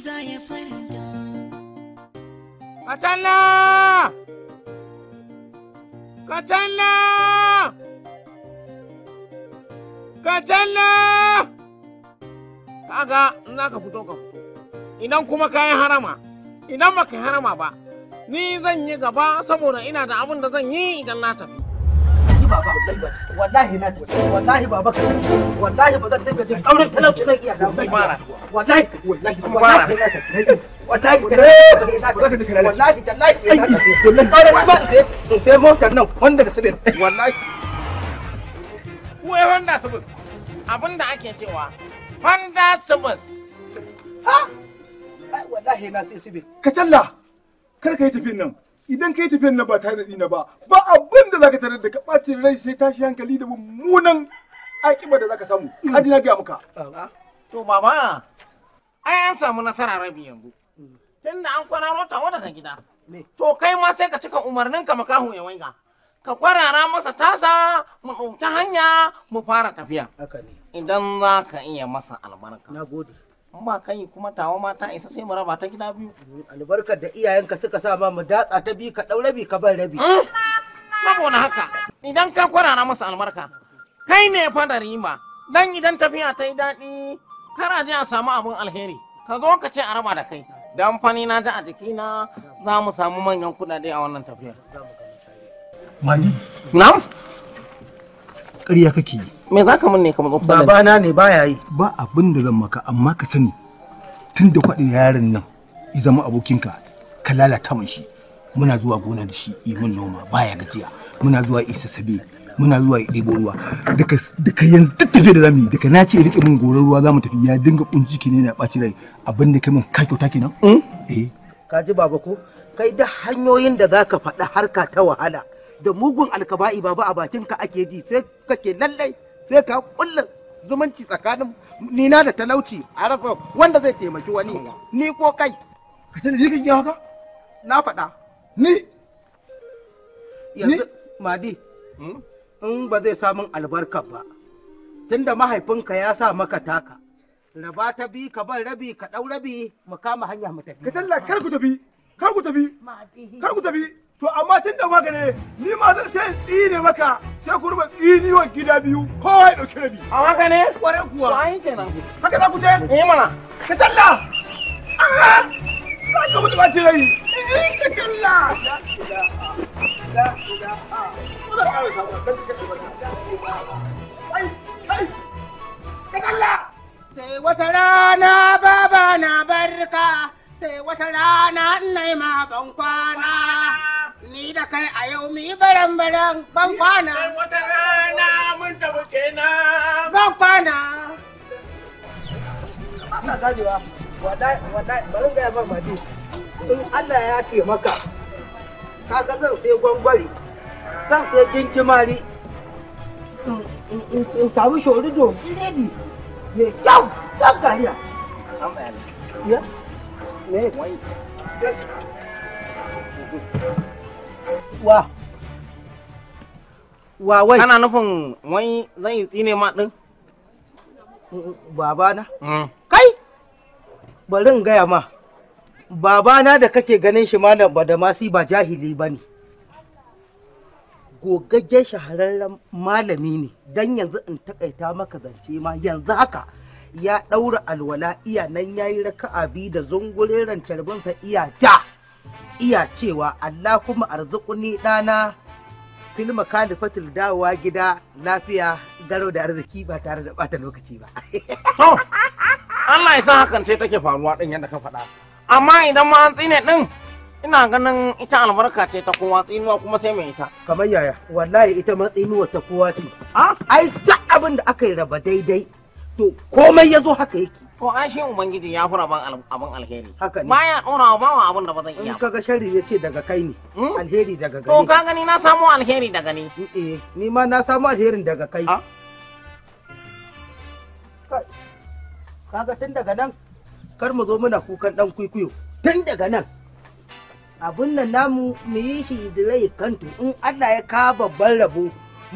za ya faranta. Katana! Katana! Katana! Kaga in za ka fito ka fito, idan kuma yi harama, idan ba ka harama ba, ni zan yi gaba saboda ina da abin da zan yi idan na tafi. baba wallahi na ta wallahi baba ka wallahi ba zan dinga jin kaurin talauci nan iya dawo wallahi wallahi wallahi wallahi wallahi ta kullun kaurin ba sai sai motar da ake cewa fanda sabin ha wallahi na sai sabin ka talla kar ka yi tafiyan nan idan ka yi tafiyan nan ba tare da tsina ba ba abin da zaka tarar da ka ɓacin rai sai tashi hankali da mummunan akiba da zaka samu kaji na gaya muka to baba ai an samu nasara rabi yanzu da an rota wa daga gida to kai ma sai ka cika umarnin ka makahu ya wanga ka kwarara masa tasa mu ɗauki hanya mu fara tafiya idan za ka iya masa albarka na gode ba kai kuma tawa mata isa sai mu raba ta gida biyu albarkar da iyayenka suka sa ma mu datsa ta bi ka ɗau rabi ka bar rabi mm. saboda haka idan ka kwarara masa albarka kai ne fa da rima dan idan tafiya ta yi daɗi kar a a samu abin alheri ka zo ka ce a raba da kai dan fani na ji a jikina za mu samu manyan kuɗaɗe a wannan tafiyar mani na'am ƙarya kake yi me za ka mun ne kamar tsofaffi babana ne baya yi ba abin da zan maka amma ka sani tun da kwaɗi yaron nan ya zama abokinka ka lalata mun shi muna zuwa gona da shi mun noma baya gajiya muna zuwa isa sabe muna zuwa ya ɗebo ruwa duka yanzu duk tafiya da zamu yi duka na ce riƙe min goron ruwa mu tafi ya dinga kunci ki ne na ɓaci rai abin da kai min ka kyauta nan. Hmm? eh ka ji baba ko kai da hanyoyin da za ka faɗa harka ta wahala da mugun alkaba'i baba a ka ake ji sai kake lallai sai ka kullum zumunci tsakanin nina da talauci a rasa wanda zai taimaki wani ni ko kai ka sani ni kake haka na faɗa ni yanzu madi hmm? in ba zai samun albarka ba tunda mahaifinka ya sa maka taka raba ta bi ka ban rabi ka dau rabi mu kama hanya mu tafi ka talla kar ku tafi kar ku tafi kar ku tafi to amma tunda ba ka ne ni ma zan sai tsine maka sai ku ruba wa gida biyu kowa ya dauki rabi a haka ne kware kuwa ba yin kenan haka za ku je eh mana ka talla ɓaci rai sai wata rana baba na barka sai wata rana nai ma ban kwana ni da kai a yau mu yi baran baran ban kwana sai wata rana mun tafi kenan ban kwana ana mati in Allah ya ke maka kaga zan sai gwangwari zan sai in samu nufin wani zan yi tsine ma din babana mm. kai bari in gaya ma babana da kake ganin shi malam masi ba jahili ba ne gogaggen shahararren malami ne don yanzu in takaita maka zance ma yanzu haka ya ɗaura alwala iya nan ya yi raka'a biyu da zungureren carbinsa iya ja iya cewa Allah kuma arzikuni ɗana filma kalifatul dawowa gida lafiya garo da arziki ba tare da ɓata lokaci ba. Allah ya san hakan ce take faruwa ɗin yadda ka faɗa. amma idan ma an tsine din ina ganin ita albarka ce ta kowa tsinuwa kuma sai mai ita kamar yaya wallahi ita ma tsinuwa ta kowa ce a ai duk abin da aka yi raba daidai to komai ya zo haka yake ko an shi ubangiji ya fura ban abin alheri haka ne ya dora wa bawa abin da ba zan iya kaga sharri ya ce daga kai ne hmm? alheri daga gani to ka gani na samu alheri daga ni eh ni ma na samu alherin daga kai ka ga tun daga nan kar mu zo muna kukan dan kwikwiyo tun daga nan abun nan namu mu yi shi idilai kanto in Allah ya ka babban rabo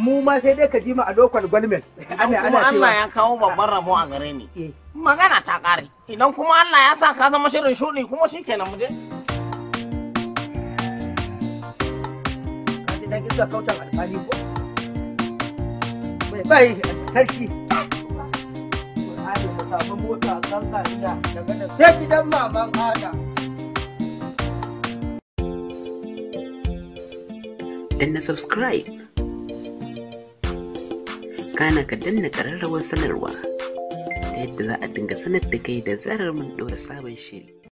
mu ma sai dai ka ji mu a lokacin government kuma Allah ya kawo babban rabo a gare ni eh. magana ta kare idan kuma Allah ya sa ka zama shirin shuni kuma shikenan mu je ka ji dan kisa kautan alƙali ko bai bai sarki samu mota kan kariya daga da sai gidan maman ada. Danna subscribe. Kana ka danna ƙararrawar sanarwa ta yadda za a dinga sanar da kai da zarar mun ɗora sabon shiri.